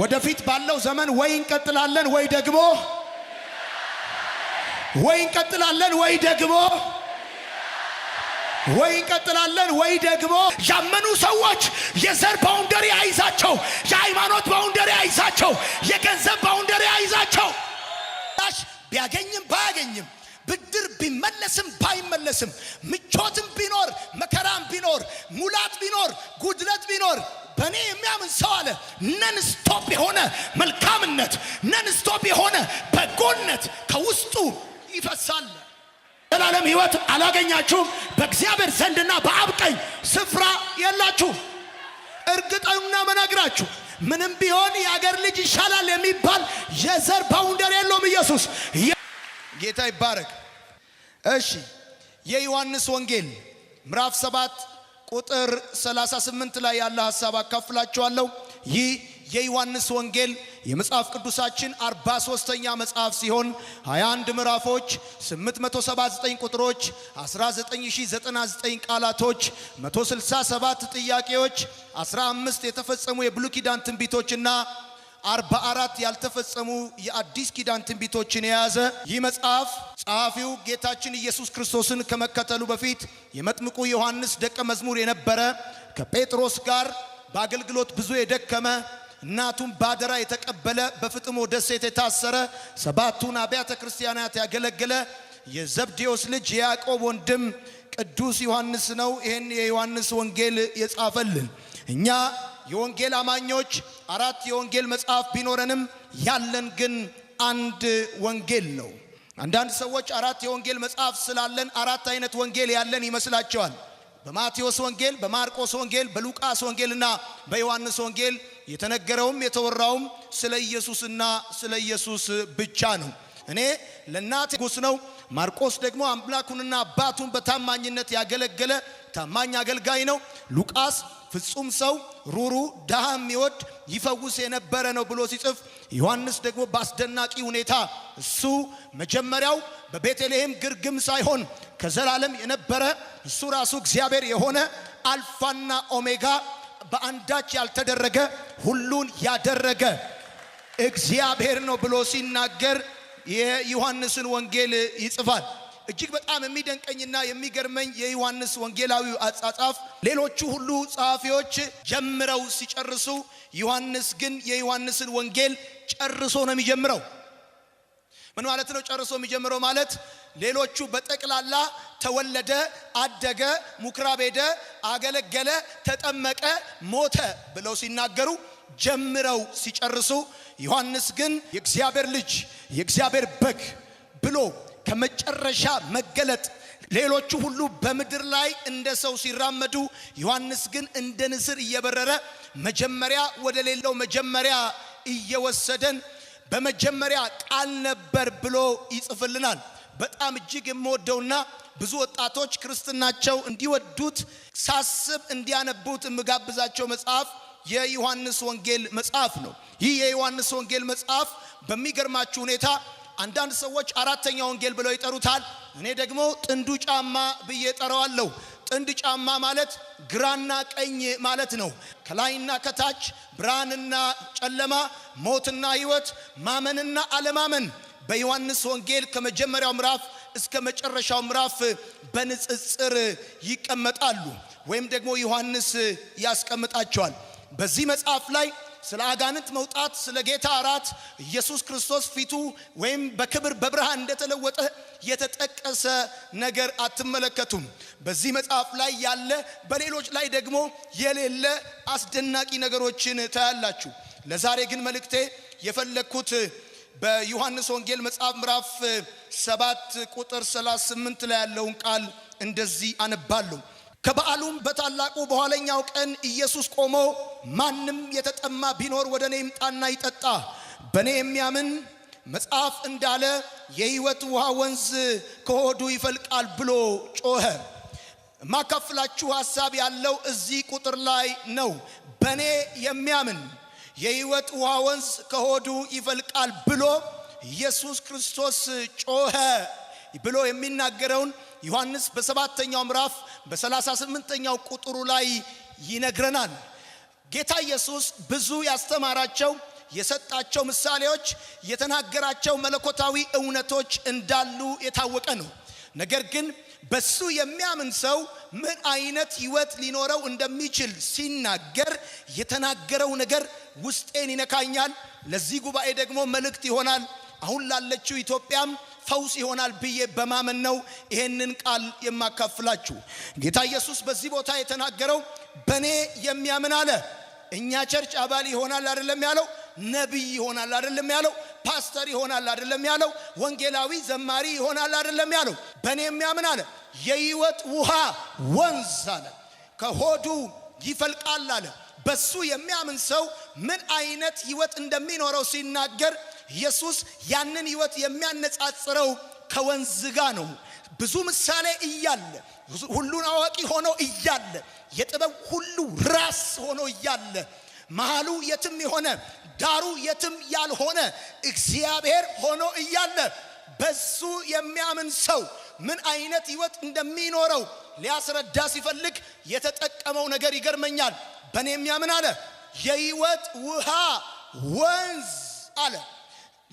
ወደፊት ባለው ዘመን ወይ እንቀጥላለን ወይ ደግሞ ወይ እንቀጥላለን ወይ ደግሞ ወይ እንቀጥላለን ወይ ደግሞ ያመኑ ሰዎች የዘር ባውንደሪ አይዛቸው፣ የሃይማኖት ባውንደሪ አይዛቸው፣ የገንዘብ ባውንደሪ አይዛቸው። ቢያገኝም ባያገኝም ብድር ቢመለስም ባይመለስም ምቾትም ቢኖር መከራም ቢኖር ሙላት ቢኖር ጉድለት ቢኖር በእኔ የሚያምን ሰው አለ ነን ስቶፕ የሆነ መልካምነት ነን ስቶፕ የሆነ በጎነት ከውስጡ ይፈሳል። ዘላለም ህይወት አላገኛችሁም፣ በእግዚአብሔር ዘንድና በአብቀኝ ስፍራ የላችሁ እርግጠኑና መናግራችሁ ምንም ቢሆን የአገር ልጅ ይሻላል የሚባል የዘር ባውንደር የለውም። ኢየሱስ ጌታ ይባረክ። እሺ የዮሐንስ ወንጌል ምዕራፍ ሰባት ቁጥር 38 ላይ ያለ ሐሳብ አካፍላችኋለሁ። ይህ የዮሐንስ ወንጌል የመጽሐፍ ቅዱሳችን 43ኛ መጽሐፍ ሲሆን 21 ምዕራፎች፣ 879 ቁጥሮች፣ 19099 ቃላቶች፣ 167 ጥያቄዎች፣ 15 የተፈጸሙ የብሉይ ኪዳን ትንቢቶችና 44 ያልተፈጸሙ የአዲስ ኪዳን ትንቢቶችን የያዘ ይህ መጽሐፍ ጸሐፊው ጌታችን ኢየሱስ ክርስቶስን ከመከተሉ በፊት የመጥምቁ ዮሐንስ ደቀ መዝሙር የነበረ ከጴጥሮስ ጋር በአገልግሎት ብዙ የደከመ እናቱን ባደራ የተቀበለ በፍጥሞ ደሴት የታሰረ ሰባቱን አብያተ ክርስቲያናት ያገለገለ የዘብዴዎስ ልጅ የያዕቆብ ወንድም ቅዱስ ዮሐንስ ነው። ይህን የዮሐንስ ወንጌል የጻፈልን እኛ የወንጌል አማኞች አራት የወንጌል መጽሐፍ ቢኖረንም ያለን ግን አንድ ወንጌል ነው። አንዳንድ ሰዎች አራት የወንጌል መጽሐፍ ስላለን አራት አይነት ወንጌል ያለን ይመስላቸዋል። በማቴዎስ ወንጌል፣ በማርቆስ ወንጌል፣ በሉቃስ ወንጌልና በዮሐንስ ወንጌል የተነገረውም የተወራውም ስለ ኢየሱስና ስለ ኢየሱስ ብቻ ነው። እኔ ለእናቴ ንጉሥ ነው። ማርቆስ ደግሞ አምላኩንና አባቱን በታማኝነት ያገለገለ ታማኝ አገልጋይ ነው። ሉቃስ ፍጹም ሰው፣ ሩሩ፣ ድሃ የሚወድ ይፈውስ የነበረ ነው ብሎ ሲጽፍ ዮሐንስ ደግሞ በአስደናቂ ሁኔታ እሱ መጀመሪያው በቤተልሔም ግርግም ሳይሆን ከዘላለም የነበረ እሱ ራሱ እግዚአብሔር የሆነ አልፋና ኦሜጋ በአንዳች ያልተደረገ ሁሉን ያደረገ እግዚአብሔር ነው ብሎ ሲናገር የዮሐንስን ወንጌል ይጽፋል። እጅግ በጣም የሚደንቀኝና የሚገርመኝ የዮሐንስ ወንጌላዊ አጻጻፍ ሌሎቹ ሁሉ ጸሐፊዎች ጀምረው ሲጨርሱ፣ ዮሐንስ ግን የዮሐንስን ወንጌል ጨርሶ ነው የሚጀምረው። ምን ማለት ነው? ጨርሶ የሚጀምረው ማለት ሌሎቹ በጠቅላላ ተወለደ፣ አደገ፣ ሙክራቤደ ሄደ፣ አገለገለ፣ ተጠመቀ፣ ሞተ ብለው ሲናገሩ ጀምረው ሲጨርሱ፣ ዮሐንስ ግን የእግዚአብሔር ልጅ የእግዚአብሔር በግ ብሎ ከመጨረሻ መገለጥ ሌሎቹ ሁሉ በምድር ላይ እንደ ሰው ሲራመዱ ዮሐንስ ግን እንደ ንስር እየበረረ መጀመሪያ ወደ ሌለው መጀመሪያ እየወሰደን በመጀመሪያ ቃል ነበር ብሎ ይጽፍልናል። በጣም እጅግ የምወደውና ብዙ ወጣቶች ክርስትናቸው እንዲወዱት ሳስብ እንዲያነቡት የምጋብዛቸው መጽሐፍ የዮሐንስ ወንጌል መጽሐፍ ነው። ይህ የዮሐንስ ወንጌል መጽሐፍ በሚገርማችሁ ሁኔታ አንዳንድ ሰዎች አራተኛ ወንጌል ብለው ይጠሩታል። እኔ ደግሞ ጥንዱ ጫማ ብዬ ጠራዋለሁ። ጥንድ ጫማ ማለት ግራና ቀኝ ማለት ነው። ከላይና ከታች፣ ብርሃንና ጨለማ፣ ሞትና ህይወት፣ ማመንና አለማመን በዮሐንስ ወንጌል ከመጀመሪያው ምዕራፍ እስከ መጨረሻው ምዕራፍ በንጽጽር ይቀመጣሉ፣ ወይም ደግሞ ዮሐንስ ያስቀምጣቸዋል። በዚህ መጽሐፍ ላይ ስለ አጋንንት መውጣት፣ ስለ ጌታ እራት ኢየሱስ ክርስቶስ ፊቱ ወይም በክብር በብርሃን እንደተለወጠ የተጠቀሰ ነገር አትመለከቱም። በዚህ መጽሐፍ ላይ ያለ በሌሎች ላይ ደግሞ የሌለ አስደናቂ ነገሮችን ታያላችሁ። ለዛሬ ግን መልእክቴ የፈለግኩት በዮሐንስ ወንጌል መጽሐፍ ምዕራፍ ሰባት ቁጥር 38 ላይ ያለውን ቃል እንደዚህ አነባለሁ። ከበዓሉም በታላቁ በኋለኛው ቀን ኢየሱስ ቆሞ ማንም የተጠማ ቢኖር ወደ እኔ ይምጣና ይጠጣ፣ በእኔ የሚያምን መጽሐፍ እንዳለ የሕይወት ውሃ ወንዝ ከሆዱ ይፈልቃል ብሎ ጮኸ። ማካፍላችሁ ሐሳብ ያለው እዚህ ቁጥር ላይ ነው። በእኔ የሚያምን የሕይወት ውሃ ወንዝ ከሆዱ ይፈልቃል ብሎ ኢየሱስ ክርስቶስ ጮኸ ብሎ የሚናገረውን ዮሐንስ በሰባተኛው ምዕራፍ በሰላሳ ስምንተኛው ቁጥሩ ላይ ይነግረናል። ጌታ ኢየሱስ ብዙ ያስተማራቸው የሰጣቸው ምሳሌዎች የተናገራቸው መለኮታዊ እውነቶች እንዳሉ የታወቀ ነው። ነገር ግን በሱ የሚያምን ሰው ምን አይነት ህይወት ሊኖረው እንደሚችል ሲናገር የተናገረው ነገር ውስጤን ይነካኛል። ለዚህ ጉባኤ ደግሞ መልእክት ይሆናል። አሁን ላለችው ኢትዮጵያም ፈውስ ይሆናል ብዬ በማመን ነው ይህንን ቃል የማካፍላችሁ። ጌታ ኢየሱስ በዚህ ቦታ የተናገረው በእኔ የሚያምን አለ። እኛ ቸርች አባል ይሆናል አይደለም ያለው፣ ነቢይ ይሆናል አደለም ያለው፣ ፓስተር ይሆናል አይደለም ያለው፣ ወንጌላዊ ዘማሪ ይሆናል አይደለም ያለው። በእኔ የሚያምን አለ የህይወት ውሃ ወንዝ አለ ከሆዱ ይፈልቃል አለ። በሱ የሚያምን ሰው ምን አይነት ህይወት እንደሚኖረው ሲናገር ኢየሱስ ያንን ህይወት የሚያነጻጽረው ከወንዝ ጋ ነው። ብዙ ምሳሌ እያለ ሁሉን አዋቂ ሆኖ እያለ የጥበብ ሁሉ ራስ ሆኖ እያለ መሃሉ የትም የሆነ ዳሩ የትም ያልሆነ እግዚአብሔር ሆኖ እያለ በሱ የሚያምን ሰው ምን አይነት ህይወት እንደሚኖረው ሊያስረዳ ሲፈልግ የተጠቀመው ነገር ይገርመኛል። በእኔ የሚያምን አለ የህይወት ውሃ ወንዝ አለ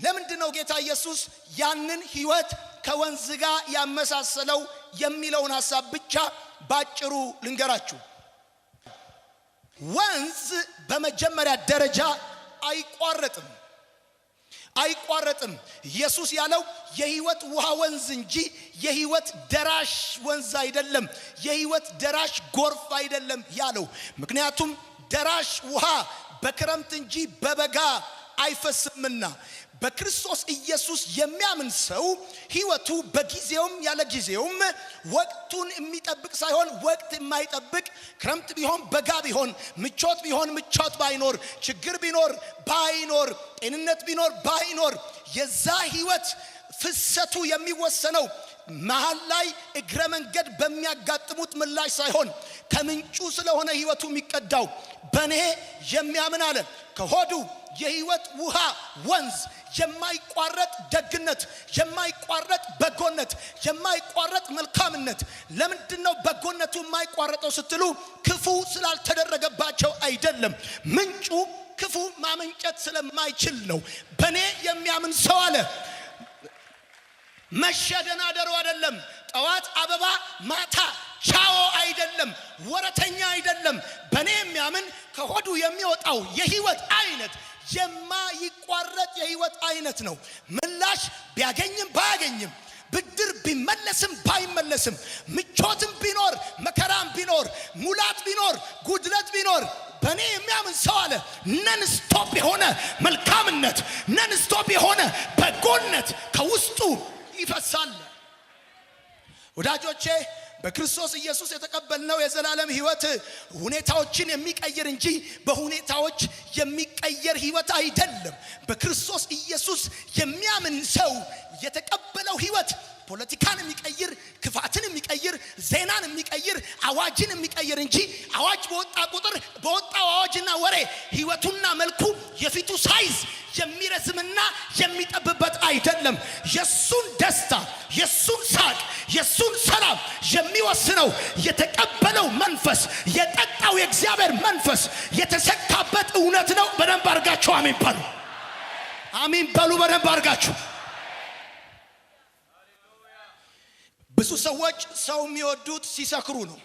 ለምንድን ነው ጌታ ኢየሱስ ያንን ህይወት ከወንዝ ጋር ያመሳሰለው የሚለውን ሐሳብ ብቻ ባጭሩ ልንገራችሁ። ወንዝ በመጀመሪያ ደረጃ አይቋረጥም አይቋረጥም። ኢየሱስ ያለው የህይወት ውሃ ወንዝ እንጂ የህይወት ደራሽ ወንዝ አይደለም፣ የህይወት ደራሽ ጎርፍ አይደለም ያለው። ምክንያቱም ደራሽ ውሃ በክረምት እንጂ በበጋ አይፈስምና በክርስቶስ ኢየሱስ የሚያምን ሰው ህይወቱ በጊዜውም ያለ ጊዜውም ወቅቱን የሚጠብቅ ሳይሆን ወቅት የማይጠብቅ ክረምት ቢሆን በጋ ቢሆን ምቾት ቢሆን ምቾት ባይኖር ችግር ቢኖር ባይኖር ጤንነት ቢኖር ባይኖር የዛ ህይወት ፍሰቱ የሚወሰነው መሃል ላይ እግረ መንገድ በሚያጋጥሙት ምላሽ ሳይሆን ከምንጩ ስለሆነ ህይወቱ የሚቀዳው በእኔ የሚያምን አለ ከሆዱ የህይወት ውሃ ወንዝ የማይቋረጥ ደግነት፣ የማይቋረጥ በጎነት፣ የማይቋረጥ መልካምነት። ለምንድን ነው በጎነቱ የማይቋረጠው ስትሉ፣ ክፉ ስላልተደረገባቸው አይደለም። ምንጩ ክፉ ማመንጨት ስለማይችል ነው። በእኔ የሚያምን ሰው አለ መሸደናደሩ አይደለም። ጠዋት አበባ ማታ ቻዎ አይደለም። ወረተኛ አይደለም። በእኔ የሚያምን ከሆዱ የሚወጣው የህይወት አይነት የማይቋረጥ የህይወት አይነት ነው። ምላሽ ቢያገኝም ባያገኝም ብድር ቢመለስም ባይመለስም ምቾትም ቢኖር መከራም ቢኖር ሙላት ቢኖር ጉድለት ቢኖር በእኔ የሚያምን ሰው አለ ነን ስቶፕ የሆነ መልካምነት ነን ስቶፕ የሆነ በጎነት ከውስጡ ይፈሳል። ወዳጆቼ በክርስቶስ ኢየሱስ የተቀበልነው የዘላለም ህይወት ሁኔታዎችን የሚቀይር እንጂ በሁኔታዎች የሚቀየር ህይወት አይደለም። በክርስቶስ ኢየሱስ የሚያምን ሰው የተቀበለው ህይወት ፖለቲካን የሚቀይር ክፋትን የሚቀይር ዜናን የሚቀይር አዋጅን የሚቀይር እንጂ አዋጅ በወጣ ቁጥር በወጣው አዋጅና ወሬ ህይወቱና መልኩ የፊቱ ሳይዝ የሚረዝምና የሚጠብበት አይደለም። የሱን ደስታ፣ የሱን ሳቅ፣ የሱን ሰላም የሚወስነው የተቀበለው መንፈስ፣ የጠጣው የእግዚአብሔር መንፈስ የተሰካበት እውነት ነው። በደንብ አርጋችሁ አሜን በሉ። አሜን በሉ። በደንብ አርጋችሁ ብዙ ሰዎች ሰው የሚወዱት ሲሰክሩ ነው፣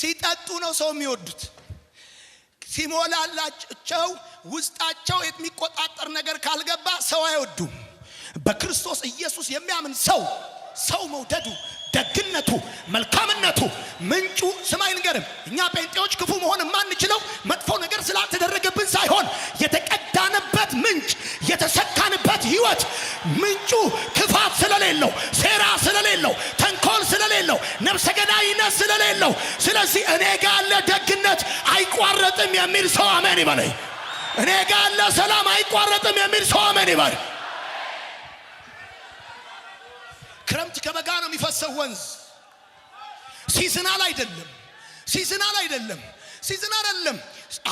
ሲጠጡ ነው ሰው የሚወዱት ሲሞላላቸው ውስጣቸው የሚቆጣጠር ነገር ካልገባ ሰው አይወዱም። በክርስቶስ ኢየሱስ የሚያምን ሰው ሰው መውደዱ ደግነቱ፣ መልካምነቱ ምንጩ ስማይ ንገርም እኛ ጴንጤዎች ክፉ መሆን የማንችለው መጥፎ ነገር ስላልተደረገብን ሳይሆን የተቀዳንበት ምንጭ የተሰካንበት ህይወት ምንጩ ክፋት ስለሌለው፣ ሴራ ስለሌለው፣ ተንኮል ስለሌለው፣ ነፍሰ ገዳይነት ስለሌለው፣ ስለዚህ እኔ ጋለ ደግነት አይቋረጥም የሚል ሰው አመን ይበለኝ። እኔ ጋለ ሰላም አይቋረጥም የሚል ሰው አመን ይበል። ክረምት ከበጋ ነው የሚፈሰው ወንዝ። ሲዝናል አይደለም፣ ሲዝናል አይደለም፣ ሲዝን አይደለም።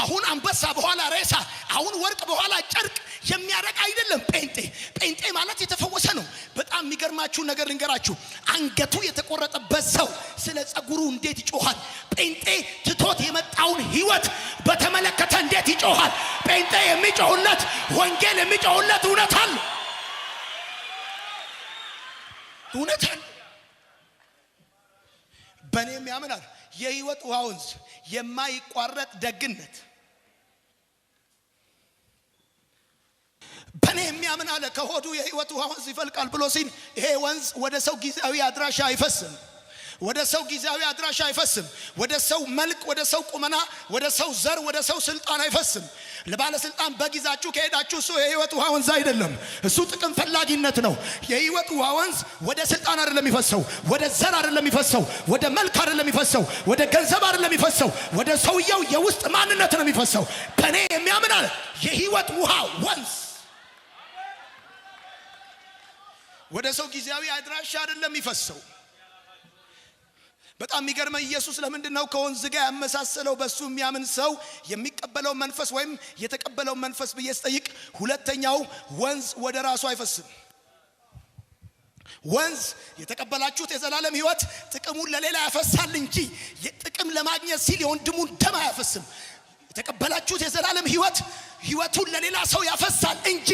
አሁን አንበሳ በኋላ ሬሳ፣ አሁን ወርቅ በኋላ ጨርቅ የሚያረቅ አይደለም። ጴንጤ ጴንጤ ማለት የተፈወሰ ነው። በጣም የሚገርማችሁ ነገር ልንገራችሁ። አንገቱ የተቆረጠበት ሰው ስለ ጸጉሩ እንዴት ይጮኋል ጴንጤ ትቶት የመጣውን ህይወት በተመለከተ እንዴት ይጮኋል ጴንጤ የሚጮሁለት ወንጌል የሚጮሁለት እውነት አለ። እውነት አለ። በእኔም ያምናል። የህይወት ውሃ ወንዝ፣ የማይቋረጥ ደግነት በእኔ የሚያምን አለ ከሆዱ የህይወት ውሃ ወንዝ ይፈልቃል ብሎ ሲል ይሄ ወንዝ ወደ ሰው ጊዜያዊ አድራሻ አይፈስም። ወደ ሰው ጊዜያዊ አድራሻ አይፈስም። ወደ ሰው መልክ፣ ወደ ሰው ቁመና፣ ወደ ሰው ዘር፣ ወደ ሰው ስልጣን አይፈስም። ለባለስልጣን በጊዛችሁ ከሄዳችሁ እሱ የህይወት ውሃ ወንዝ አይደለም። እሱ ጥቅም ፈላጊነት ነው። የህይወት ውሃ ወንዝ ወደ ስልጣን አይደለም የሚፈሰው፣ ወደ ዘር አይደለም የሚፈሰው፣ ወደ መልክ አይደለም የሚፈሰው፣ ወደ ገንዘብ አይደለም የሚፈሰው፣ ወደ ሰውየው የውስጥ ማንነት ነው የሚፈሰው። በእኔ የሚያምን አለ የህይወት ውሃ ወንዝ ወደ ሰው ጊዜያዊ አድራሻ አይደለም የሚፈሰው በጣም የሚገርመው ኢየሱስ ለምንድን ነው ከወንዝ ጋር ያመሳሰለው? በእሱ የሚያምን ሰው የሚቀበለው መንፈስ ወይም የተቀበለው መንፈስ ብዬ ስጠይቅ፣ ሁለተኛው ወንዝ ወደ ራሱ አይፈስም። ወንዝ የተቀበላችሁት የዘላለም ሕይወት ጥቅሙን ለሌላ ያፈሳል እንጂ ጥቅም ለማግኘት ሲል የወንድሙን ደም አያፈስም። የተቀበላችሁት የዘላለም ህይወት ህይወቱን ለሌላ ሰው ያፈሳል እንጂ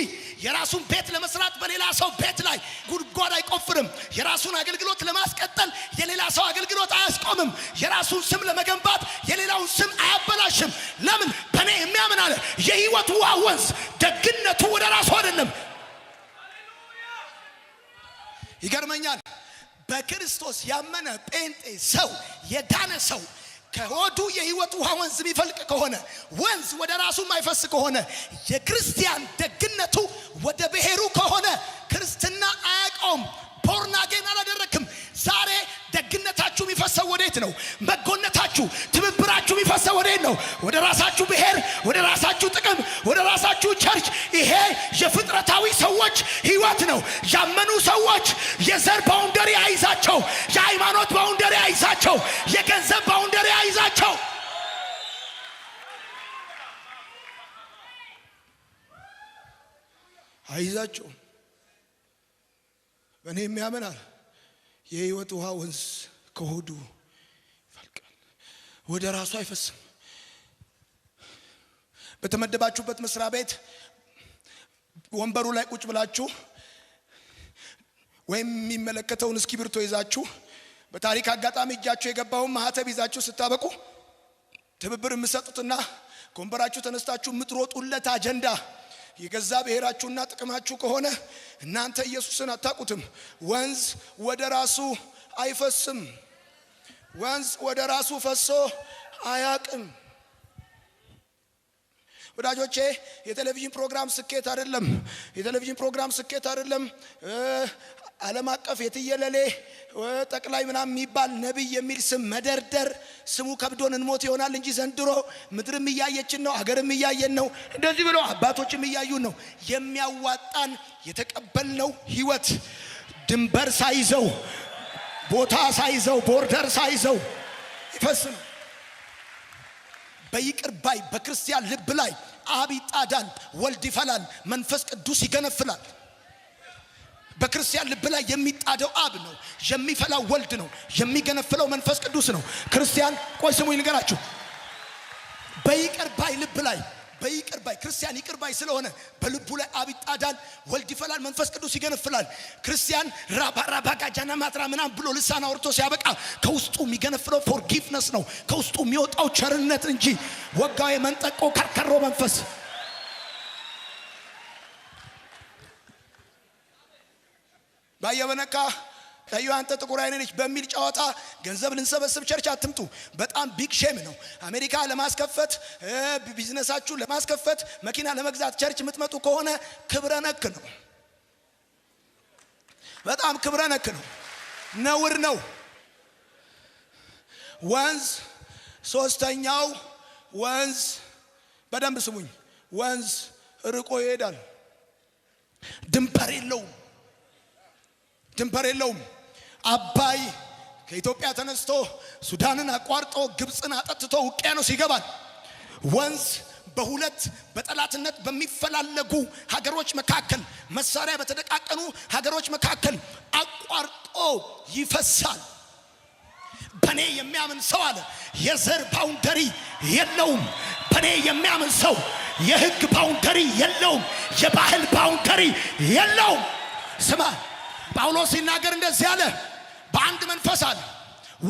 የራሱን ቤት ለመስራት በሌላ ሰው ቤት ላይ ጉድጓድ አይቆፍርም። የራሱን አገልግሎት ለማስቀጠል የሌላ ሰው አገልግሎት አያስቆምም። የራሱን ስም ለመገንባት የሌላውን ስም አያበላሽም። ለምን? በእኔ የሚያምን አለ የህይወት ውሃ ወንዝ ደግነቱ ወደ ራሱ አይደለም። ይገርመኛል። በክርስቶስ ያመነ ጴንጤ ሰው የዳነ ሰው ከሆዱ የህይወት ውሃ ወንዝ የሚፈልቅ ከሆነ ወንዝ ወደ ራሱ የማይፈስ ከሆነ የክርስቲያን ደግነቱ ወደ ብሔሩ ከሆነ ክርስትና አያቀውም ፖርናጌን አላደረክም። ዛሬ ደግነታችሁ የሚፈሰው ወዴት ነው? መጎነታችሁ ትብብራችሁ የሚፈሰው ወዴት ነው? ወደ ራሳችሁ ብሔር፣ ወደ ራሳችሁ ጥቅም፣ ወደ ራሳችሁ ቸርች፣ ይሄ የፍጥረታዊ ሰዎች ህይወት ነው። ያመኑ ሰዎች የዘር ባውንደሪ አይዛቸው፣ የሃይማኖት ባውንደሪ አይዛቸው፣ የገንዘብ ባውንደሪ አይዛቸው። አይዛቸውም። እኔ የሚያምናል የህይወት ውሃ ወንዝ ከሆዱ ይፈልቃል፣ ወደ ራሱ አይፈስም። በተመደባችሁበት መስሪያ ቤት ወንበሩ ላይ ቁጭ ብላችሁ ወይም የሚመለከተውን እስክሪብቶ ይዛችሁ በታሪክ አጋጣሚ እጃችሁ የገባውን ማህተብ ይዛችሁ ስታበቁ ትብብር የምሰጡትና ከወንበራችሁ ተነስታችሁ የምትሮጡለት አጀንዳ የገዛ ብሔራችሁና ጥቅማችሁ ከሆነ እናንተ ኢየሱስን አታውቁትም። ወንዝ ወደ ራሱ አይፈስም። ወንዝ ወደ ራሱ ፈሶ አያቅም። ወዳጆቼ የቴሌቪዥን ፕሮግራም ስኬት አይደለም። የቴሌቪዥን ፕሮግራም ስኬት አይደለም። ዓለም አቀፍ የትየለሌ ጠቅላይ ምናምን የሚባል ነቢይ የሚል ስም መደርደር ስሙ ከብዶን እንሞት ይሆናል እንጂ ዘንድሮ ምድርም እያየችን ነው፣ አገርም እያየን ነው። እንደዚህ ብሎ አባቶችም እያዩን ነው። የሚያዋጣን የተቀበልነው ህይወት ድንበር ሳይዘው ቦታ ሳይዘው ቦርደር ሳይዘው ይፈስ ነው። በይቅር ባይ በክርስቲያን ልብ ላይ አብ ይጣዳል፣ ወልድ ይፈላል፣ መንፈስ ቅዱስ ይገነፍላል። በክርስቲያን ልብ ላይ የሚጣደው አብ ነው፣ የሚፈላው ወልድ ነው፣ የሚገነፍለው መንፈስ ቅዱስ ነው። ክርስቲያን ቆይ ስሙኝ ንገራችሁ በይቅር ባይ ልብ ላይ በይቅር ባይ ክርስቲያን ይቅር ባይ ስለሆነ በልቡ ላይ አብ ወልድ ይፈላል፣ መንፈስ ቅዱስ ይገነፍላል። ክርስቲያን ራባራባ ጋጃና ማጥራ ምናም ብሎ ልሳን አውርቶ ሲያበቃ ከውስጡ የሚገነፍለው ፎርጊቭነስ ነው። ከውስጡ የሚወጣው ቸርነት እንጂ ወጋው የመንጠቆ ከርከሮ መንፈስ ባየበነካ እዩ አንተ ጥቁር አይነ በሚል ጨዋታ ገንዘብ ልንሰበስብ ቸርች አትምጡ። በጣም ቢግ ሼም ነው። አሜሪካ ለማስከፈት ቢዝነሳችሁ ለማስከፈት መኪና ለመግዛት ቸርች የምትመጡ ከሆነ ክብረ ነክ ነው። በጣም ክብረ ነክ ነው። ነውር ነው። ወንዝ ሶስተኛው ወንዝ በደንብ ስሙኝ። ወንዝ ርቆ ይሄዳል። ድንበር የለውም። ድንበር የለውም። አባይ ከኢትዮጵያ ተነስቶ ሱዳንን አቋርጦ ግብፅን አጠጥቶ ውቅያኖስ ይገባል። ወንዝ በሁለት በጠላትነት በሚፈላለጉ ሀገሮች መካከል መሳሪያ በተደቃቀኑ ሀገሮች መካከል አቋርጦ ይፈሳል። በእኔ የሚያምን ሰው አለ የዘር ባውንደሪ የለውም። በእኔ የሚያምን ሰው የህግ ባውንደሪ የለውም። የባህል ባውንደሪ የለውም። ስማ ጳውሎስ ሲናገር እንደዚህ አለ በአንድ መንፈስ አለ።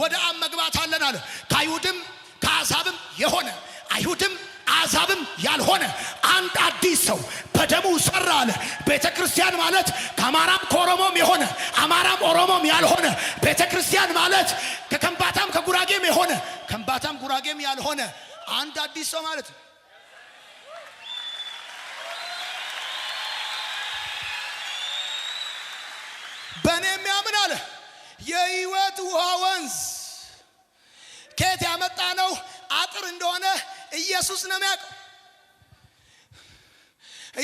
ወደ አብ መግባት አለን አለ። ከአይሁድም ከአዛብም የሆነ አይሁድም አዛብም ያልሆነ አንድ አዲስ ሰው በደሙ ሰራ አለ። ቤተ ክርስቲያን ማለት ከአማራም ከኦሮሞም የሆነ አማራም ኦሮሞም ያልሆነ ቤተ ክርስቲያን ማለት ከከንባታም ከጉራጌም የሆነ ከንባታም ጉራጌም ያልሆነ አንድ አዲስ ሰው ማለት ነው። በእኔ የሚያምን አለ የህይወት ውሃ ወንዝ ከየት ያመጣ ነው? አጥር እንደሆነ ኢየሱስ ነው የሚያውቀው።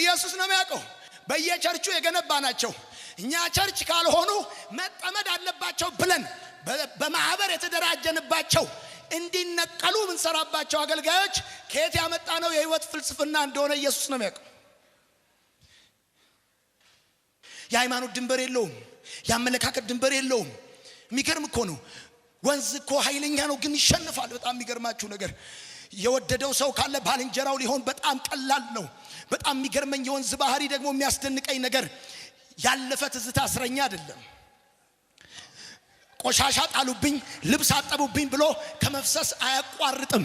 ኢየሱስ ነው የሚያውቀው። በየቸርቹ የገነባ ናቸው። እኛ ቸርች ካልሆኑ መጠመድ አለባቸው ብለን በማህበር የተደራጀንባቸው እንዲነቀሉ የምንሰራባቸው አገልጋዮች ከየት ያመጣ ነው የህይወት ፍልስፍና እንደሆነ ኢየሱስ ነው የሚያውቀው። የሃይማኖት ድንበር የለውም። የአመለካከት ድንበር የለውም። የሚገርም እኮ ነው። ወንዝ እኮ ኃይለኛ ነው፣ ግን ይሸንፋል። በጣም የሚገርማችሁ ነገር የወደደው ሰው ካለ ባልንጀራው ሊሆን በጣም ቀላል ነው። በጣም የሚገርመኝ የወንዝ ባህሪ ደግሞ የሚያስደንቀኝ ነገር ያለፈ ትዝታ እስረኛ አይደለም። ቆሻሻ ጣሉብኝ፣ ልብስ አጠቡብኝ ብሎ ከመፍሰስ አያቋርጥም።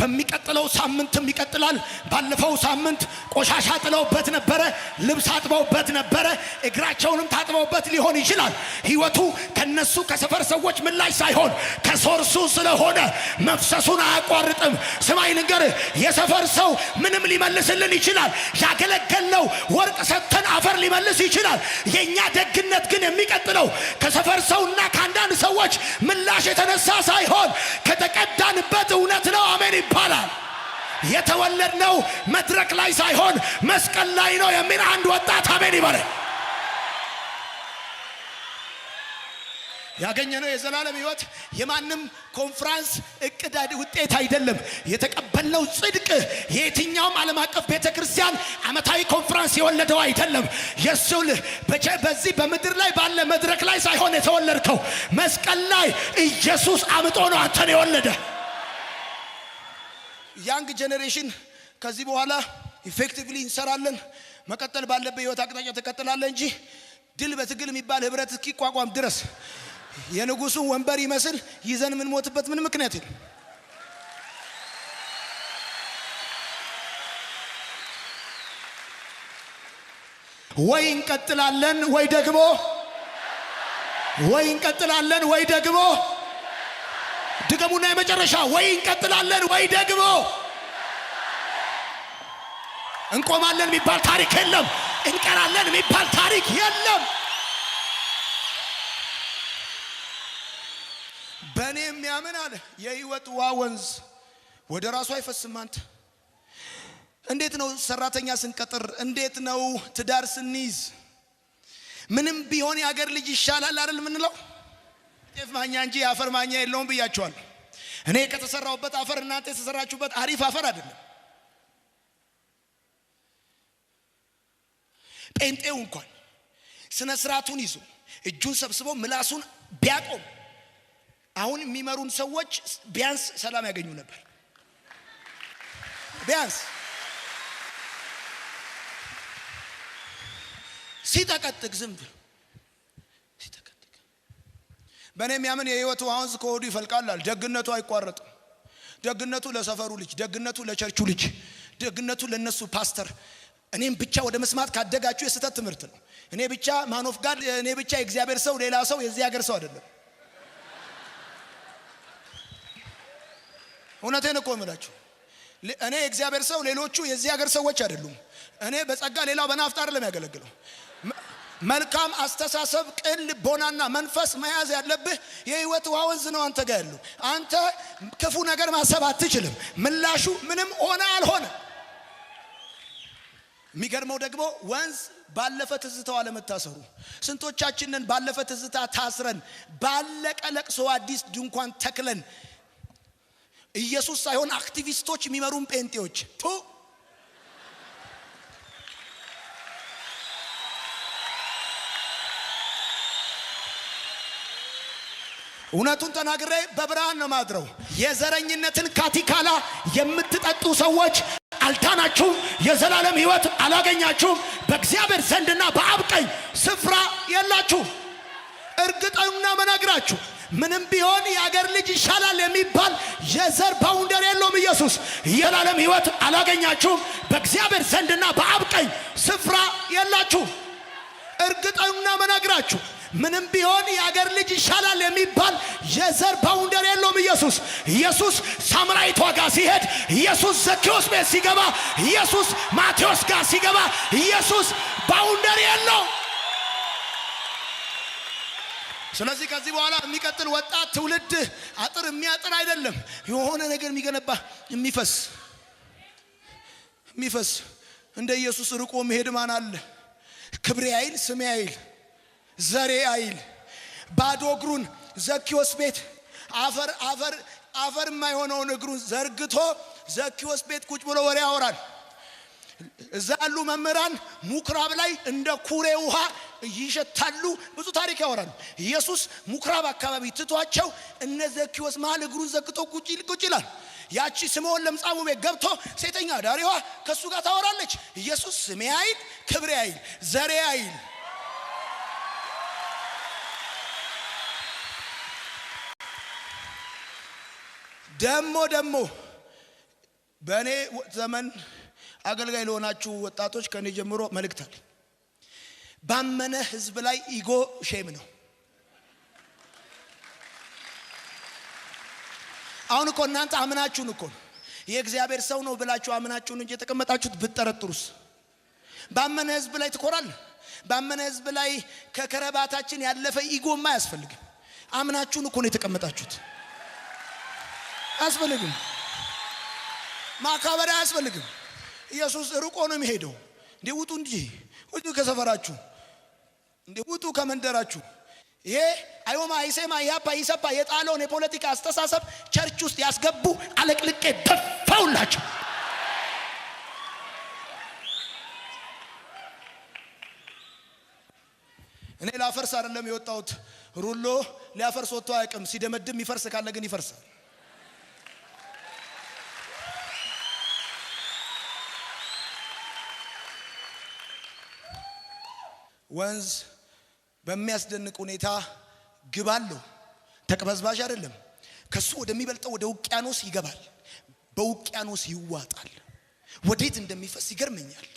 በሚቀጥለው ሳምንትም ይቀጥላል። ባለፈው ሳምንት ቆሻሻ ጥለውበት ነበረ፣ ልብስ አጥበውበት ነበረ፣ እግራቸውንም ታጥበውበት ሊሆን ይችላል። ህይወቱ ከነሱ ከሰፈር ሰዎች ምላሽ ሳይሆን ከሶርሱ ስለሆነ መፍሰሱን አያቋርጥም። ስማኝ ልንገርህ፣ የሰፈር ሰው ምንም ሊመልስልን ይችላል። ያገለገልነው ወርቅ ሰጥተን አፈር ሊመልስ ይችላል። የእኛ ደግነት ግን የሚቀጥለው ከሰፈር ሰውና ከአንዳ ከቀናን ሰዎች ምላሽ የተነሳ ሳይሆን ከተቀዳንበት እውነት ነው። አሜን ይባላል። የተወለድነው መድረክ ላይ ሳይሆን መስቀል ላይ ነው የሚል አንድ ወጣት አሜን ይበለ ያገኘነው የዘላለም ህይወት የማንም ኮንፍራንስ እቅድ ውጤት አይደለም። የተቀበልነው ጽድቅ የየትኛውም ዓለም አቀፍ ቤተ ክርስቲያን ዓመታዊ ኮንፍራንስ የወለደው አይደለም። የሱል በዚህ በምድር ላይ ባለ መድረክ ላይ ሳይሆን የተወለድከው መስቀል ላይ ኢየሱስ አምጦ ነው አንተን የወለደ። ያንግ ጄኔሬሽን ከዚህ በኋላ ኢፌክቲቭሊ እንሰራለን። መቀጠል ባለበት ህይወት አቅጣጫ ትቀጥላለህ እንጂ ድል በትግል የሚባል ህብረት እስኪቋቋም ድረስ የንጉሱን ወንበር ይመስል ይዘን የምንሞትበት ምን ምክንያት ይል ወይ እንቀጥላለን ወይ ደግሞ ወይ እንቀጥላለን ወይ ደግሞ ድገሙና፣ የመጨረሻ ወይ እንቀጥላለን ወይ ደግሞ እንቆማለን የሚባል ታሪክ የለም። እንቀራለን የሚባል ታሪክ የለም። በእኔ የሚያምን አለ የህይወት ውሃ ወንዝ ወደ ራሱ አይፈስም። አንተ እንዴት ነው ሰራተኛ ስንቀጥር? እንዴት ነው ትዳር ስንይዝ? ምንም ቢሆን የአገር ልጅ ይሻላል አይደል ምንለው ጤፍ ማኛ እንጂ የአፈር ማኛ የለውም ብያቸዋል። እኔ ከተሰራሁበት አፈር እናንተ የተሰራችሁበት አሪፍ አፈር አይደለም። ጴንጤው እንኳን ስነ ስርዓቱን ይዞ እጁን ሰብስቦ ምላሱን ቢያቆም አሁን የሚመሩን ሰዎች ቢያንስ ሰላም ያገኙ ነበር። ቢያንስ ሲጠቀጥቅ ዝም ብሎ ሲጠቀጥቅ፣ በእኔ የሚያምን የህይወት አሁንዝ ከሆዱ ይፈልቃላል። ደግነቱ አይቋረጥም። ደግነቱ ለሰፈሩ ልጅ፣ ደግነቱ ለቸርቹ ልጅ፣ ደግነቱ ለነሱ ፓስተር። እኔም ብቻ ወደ መስማት ካደጋችሁ የስህተት ትምህርት ነው። እኔ ብቻ ማኖፍ ጋር፣ እኔ ብቻ የእግዚአብሔር ሰው፣ ሌላ ሰው የዚህ ሀገር ሰው አይደለም። እውነቴን እኮ የምላችሁ እኔ የእግዚአብሔር ሰው፣ ሌሎቹ የዚህ ሀገር ሰዎች አይደሉም። እኔ በጸጋ ሌላው በናፍጣር ለሚያገለግለው መልካም አስተሳሰብ፣ ቅን ልቦናና መንፈስ መያዝ ያለብህ የህይወት ውሃ ወንዝ ነው አንተ ጋር ያሉ አንተ ክፉ ነገር ማሰብ አትችልም። ምላሹ ምንም ሆነ አልሆነ። የሚገርመው ደግሞ ወንዝ ባለፈ ትዝታው አለመታሰሩ። ስንቶቻችንን ባለፈ ትዝታ ታስረን ባለቀ ለቅሶ አዲስ ድንኳን ተክለን ኢየሱስ ሳይሆን አክቲቪስቶች የሚመሩን ጴንጤዎች ቱ እውነቱን ተናግሬ በብርሃን ነው ማድረው። የዘረኝነትን ካቲካላ የምትጠጡ ሰዎች አልታናችሁም የዘላለም ህይወት አላገኛችሁም፣ በእግዚአብሔር ዘንድና በአብቀኝ ስፍራ የላችሁ እርግጠኛ መናግራችሁ ምንም ቢሆን የአገር ልጅ ይሻላል የሚባል የዘር ባውንደር የለውም። ኢየሱስ የላለም ሕይወት አላገኛችሁም። በእግዚአብሔር ዘንድና በአብ ቀኝ ስፍራ የላችሁ እርግጠና መናግራችሁ ምንም ቢሆን የአገር ልጅ ይሻላል የሚባል የዘር ባውንደር የለውም። ኢየሱስ ኢየሱስ ሳምራዊቷ ጋር ሲሄድ፣ ኢየሱስ ዘኪዎስ ቤት ሲገባ፣ ኢየሱስ ማቴዎስ ጋር ሲገባ፣ ኢየሱስ ባውንደር የለው ስለዚህ ከዚህ በኋላ የሚቀጥል ወጣት ትውልድ አጥር የሚያጥር አይደለም፣ የሆነ ነገር የሚገነባ የሚፈስ የሚፈስ እንደ ኢየሱስ ርቆ መሄድ ማን አለ? ክብሬ አይል ስሜ አይል ዘሬ አይል ባዶ እግሩን ዘኪዎስ ቤት አፈር አፈር አፈር የማይሆነውን እግሩን ዘርግቶ ዘኪዎስ ቤት ቁጭ ብሎ ወሬ ያወራል። እዛ ያሉ መምህራን ምኩራብ ላይ እንደ ኩሬ ውሃ ይሸታሉ፣ ብዙ ታሪክ ያወራሉ። ኢየሱስ ምኩራብ አካባቢ ትቷቸው እነ ዘኪዎስ መሃል እግሩን ዘግቶ ቁጭ ቁጭ ይላል። ያቺ ስምዖን ለምጻሙ ቤት ገብቶ ሴተኛ ዳሪዋ ከእሱ ጋር ታወራለች። ኢየሱስ ስሜ አይል፣ ክብሬ አይል፣ ዘሬ አይል ደሞ ደሞ በእኔ ዘመን አገልጋይ ለሆናችሁ ወጣቶች ከእኔ ጀምሮ መልእክት አለኝ። ባመነ ህዝብ ላይ ኢጎ ሼም ነው። አሁን እኮ እናንተ አምናችሁን እኮ የእግዚአብሔር ሰው ነው ብላችሁ አምናችሁን እንጂ የተቀመጣችሁት ብትጠረጥሩስ ባመነ ህዝብ ላይ ትኮራል። ባመነ ህዝብ ላይ ከከረባታችን ያለፈ ኢጎማ አያስፈልግም። አምናችሁን እኮ ነው የተቀመጣችሁት። አያስፈልግም፣ ማካበሪያ አያስፈልግም። ኢየሱስ ርቆ ነው የሚሄደው። እንዲህ ውጡ እንጂ ውጡ ከሰፈራችሁ እንደ ውጡ ከመንደራችሁ። ይሄ አይወማ አይሴማ ያፓ ይሰፓ የጣለውን የፖለቲካ አስተሳሰብ ቸርች ውስጥ ያስገቡ አለቅልቄ በፋውላቸው። እኔ ላፈርስ አይደለም የወጣሁት። ሩሎ ሊያፈርስ ወጥቶ አያውቅም። ሲደመድም ይፈርስ ካለ ግን ይፈርሳል። ወንዝ በሚያስደንቅ ሁኔታ ግብ አለው። ተቅበዝባዥ አይደለም። ከሱ ወደሚበልጠው ወደ ውቅያኖስ ይገባል። በውቅያኖስ ይዋጣል። ወዴት እንደሚፈስ ይገርመኛል።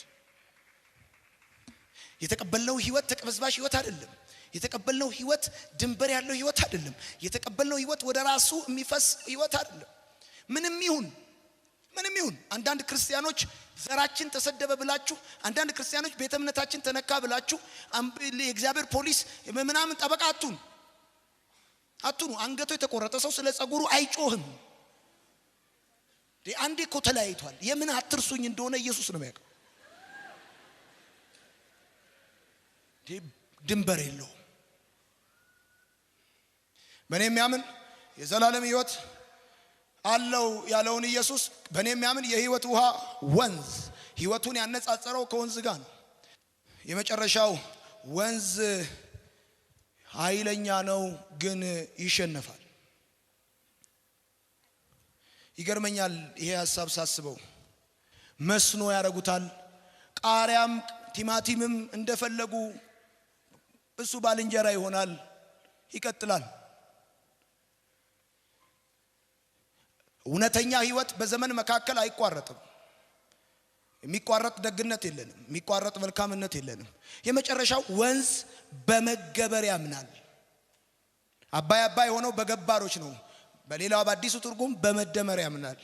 የተቀበልነው ህይወት ተቅበዝባዥ ህይወት አይደለም። የተቀበልነው ህይወት ድንበር ያለው ህይወት አይደለም። የተቀበልነው ህይወት ወደ ራሱ የሚፈስ ህይወት አይደለም። ምንም ይሁን ምንም ይሁን አንዳንድ ክርስቲያኖች ዘራችን ተሰደበ ብላችሁ አንዳንድ ክርስቲያኖች ቤተ እምነታችን ተነካ ብላችሁ የእግዚአብሔር ፖሊስ ምናምን ጠበቃ አቱን አቱኑ አንገቶ የተቆረጠ ሰው ስለ ጸጉሩ አይጮህም። አንዴ እኮ ተለያይቷል። የምን አትርሱኝ እንደሆነ ኢየሱስ ነው ያቀ ድንበር የለውም። በእኔ የሚያምን የዘላለም ህይወት አለው ያለውን ኢየሱስ በእኔ የሚያምን የህይወት ውሃ ወንዝ ህይወቱን ያነጻጸረው ከወንዝ ጋር ነው። የመጨረሻው ወንዝ ኃይለኛ ነው፣ ግን ይሸነፋል። ይገርመኛል ይሄ ሀሳብ ሳስበው። መስኖ ያደርጉታል። ቃሪያም ቲማቲምም እንደፈለጉ እሱ ባልንጀራ ይሆናል፣ ይቀጥላል። እውነተኛ ህይወት በዘመን መካከል አይቋረጥም። የሚቋረጥ ደግነት የለንም። የሚቋረጥ መልካምነት የለንም። የመጨረሻው ወንዝ በመገበር ያምናል። አባይ አባይ ሆነው በገባሮች ነው። በሌላው በአዲሱ ትርጉም በመደመር ያምናል።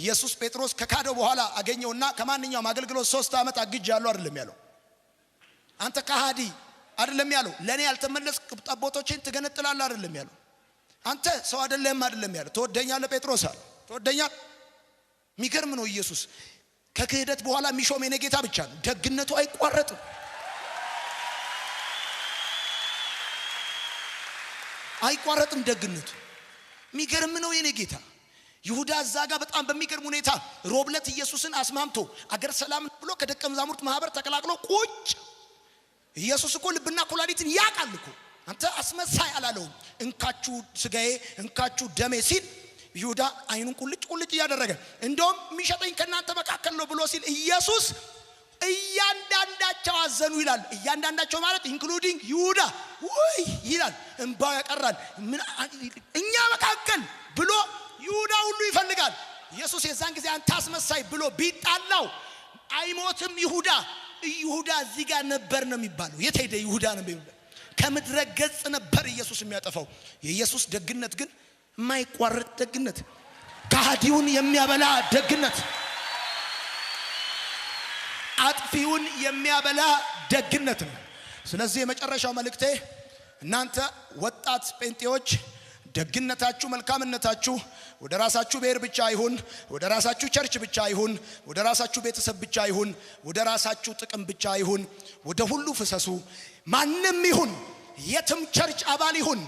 ኢየሱስ ጴጥሮስ ከካደው በኋላ አገኘውና ከማንኛውም አገልግሎት ሶስት ዓመት አግጅ ያለው አይደለም ያለው አንተ ካሃዲ አይደለም ያለው። ለእኔ ያልተመለስ ጠቦቶችን ትገነጥላለ አይደለም ያለው። አንተ ሰው አይደለህም አይደለም ያለው። ተወደኛ ጴጥሮስ አለ። ተወደኛ የሚገርም ነው ኢየሱስ። ከክህደት በኋላ የሚሾም የኔ ጌታ ብቻ ነው። ደግነቱ አይቋረጥም። አይቋረጥም ደግነቱ። የሚገርም ነው የኔ ጌታ። ይሁዳ እዛ ጋር በጣም በሚገርም ሁኔታ ሮብለት ኢየሱስን አስማምቶ አገር ሰላም ብሎ ከደቀ መዛሙርት ማህበር ተቀላቅሎ ቁጭ ኢየሱስ እኮ ልብና ኩላሊትን ያውቃል እኮ። አንተ አስመሳይ አላለውም። እንካችሁ ስጋዬ እንካችሁ ደሜ ሲል ይሁዳ አይኑን ቁልጭ ቁልጭ እያደረገ እንደውም የሚሸጠኝ ከእናንተ መካከል ነው ብሎ ሲል ኢየሱስ እያንዳንዳቸው አዘኑ ይላል። እያንዳንዳቸው ማለት ኢንክሉዲንግ ይሁዳ ውይ ይላል። እንባው ያቀራል እኛ መካከል ብሎ ይሁዳ ሁሉ ይፈልጋል። ኢየሱስ የዛን ጊዜ አንተ አስመሳይ ብሎ ቢጣላው አይሞትም ይሁዳ ይሁዳ እዚህ ጋር ነበር ነው የሚባለው። የት ሄደ ይሁዳ ነው የሚባለው። ከምድረ ገጽ ነበር ኢየሱስ የሚያጠፋው። የኢየሱስ ደግነት ግን የማይቋረጥ ደግነት፣ ከሃዲውን የሚያበላ ደግነት፣ አጥፊውን የሚያበላ ደግነት ነው። ስለዚህ የመጨረሻው መልእክቴ እናንተ ወጣት ጴንጤዎች ደግነታችሁ፣ መልካምነታችሁ ወደ ራሳችሁ ብሔር ብቻ አይሁን፣ ወደ ራሳችሁ ቸርች ብቻ አይሁን፣ ወደ ራሳችሁ ቤተሰብ ብቻ አይሁን፣ ወደ ራሳችሁ ጥቅም ብቻ አይሁን፣ ወደ ሁሉ ፍሰሱ። ማንም ይሁን የትም ቸርች አባል ይሁን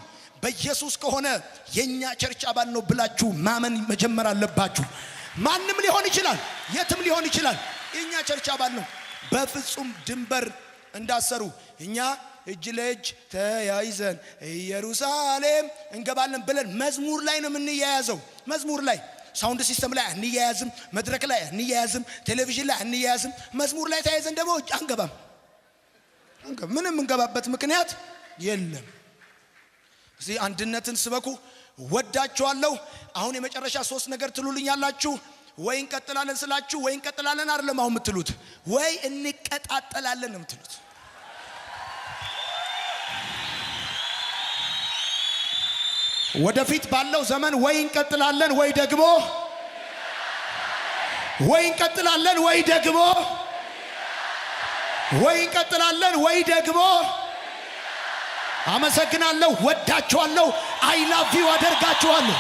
በኢየሱስ ከሆነ የኛ ቸርች አባል ነው ብላችሁ ማመን መጀመር አለባችሁ። ማንም ሊሆን ይችላል፣ የትም ሊሆን ይችላል። የኛ ቸርች አባል ነው። በፍጹም ድንበር እንዳሰሩ እኛ እጅ ለእጅ ተያይዘን ኢየሩሳሌም እንገባለን ብለን መዝሙር ላይ ነው የምንያያዘው። መዝሙር ላይ ሳውንድ ሲስተም ላይ እንያያዝም መድረክ ላይ አንያያዝም፣ ቴሌቪዥን ላይ እንያያዝም መዝሙር ላይ ተያይዘን ደግሞ አንገባም። ምንም የምንገባበት ምክንያት የለም። እዚህ አንድነትን ስበኩ ወዳችኋለሁ። አሁን የመጨረሻ ሶስት ነገር ትሉልኛላችሁ። ወይ እንቀጥላለን ስላችሁ ወይ እንቀጥላለን አይደለም አሁን የምትሉት፣ ወይ እንቀጣጠላለን ነው የምትሉት። ወደፊት ባለው ዘመን ወይ እንቀጥላለን ወይ ደግሞ ወይ እንቀጥላለን ወይ ደግሞ ወይ እንቀጥላለን ወይ ደግሞ አመሰግናለሁ፣ ወዳችኋለሁ፣ አይላቪው አደርጋችኋለሁ።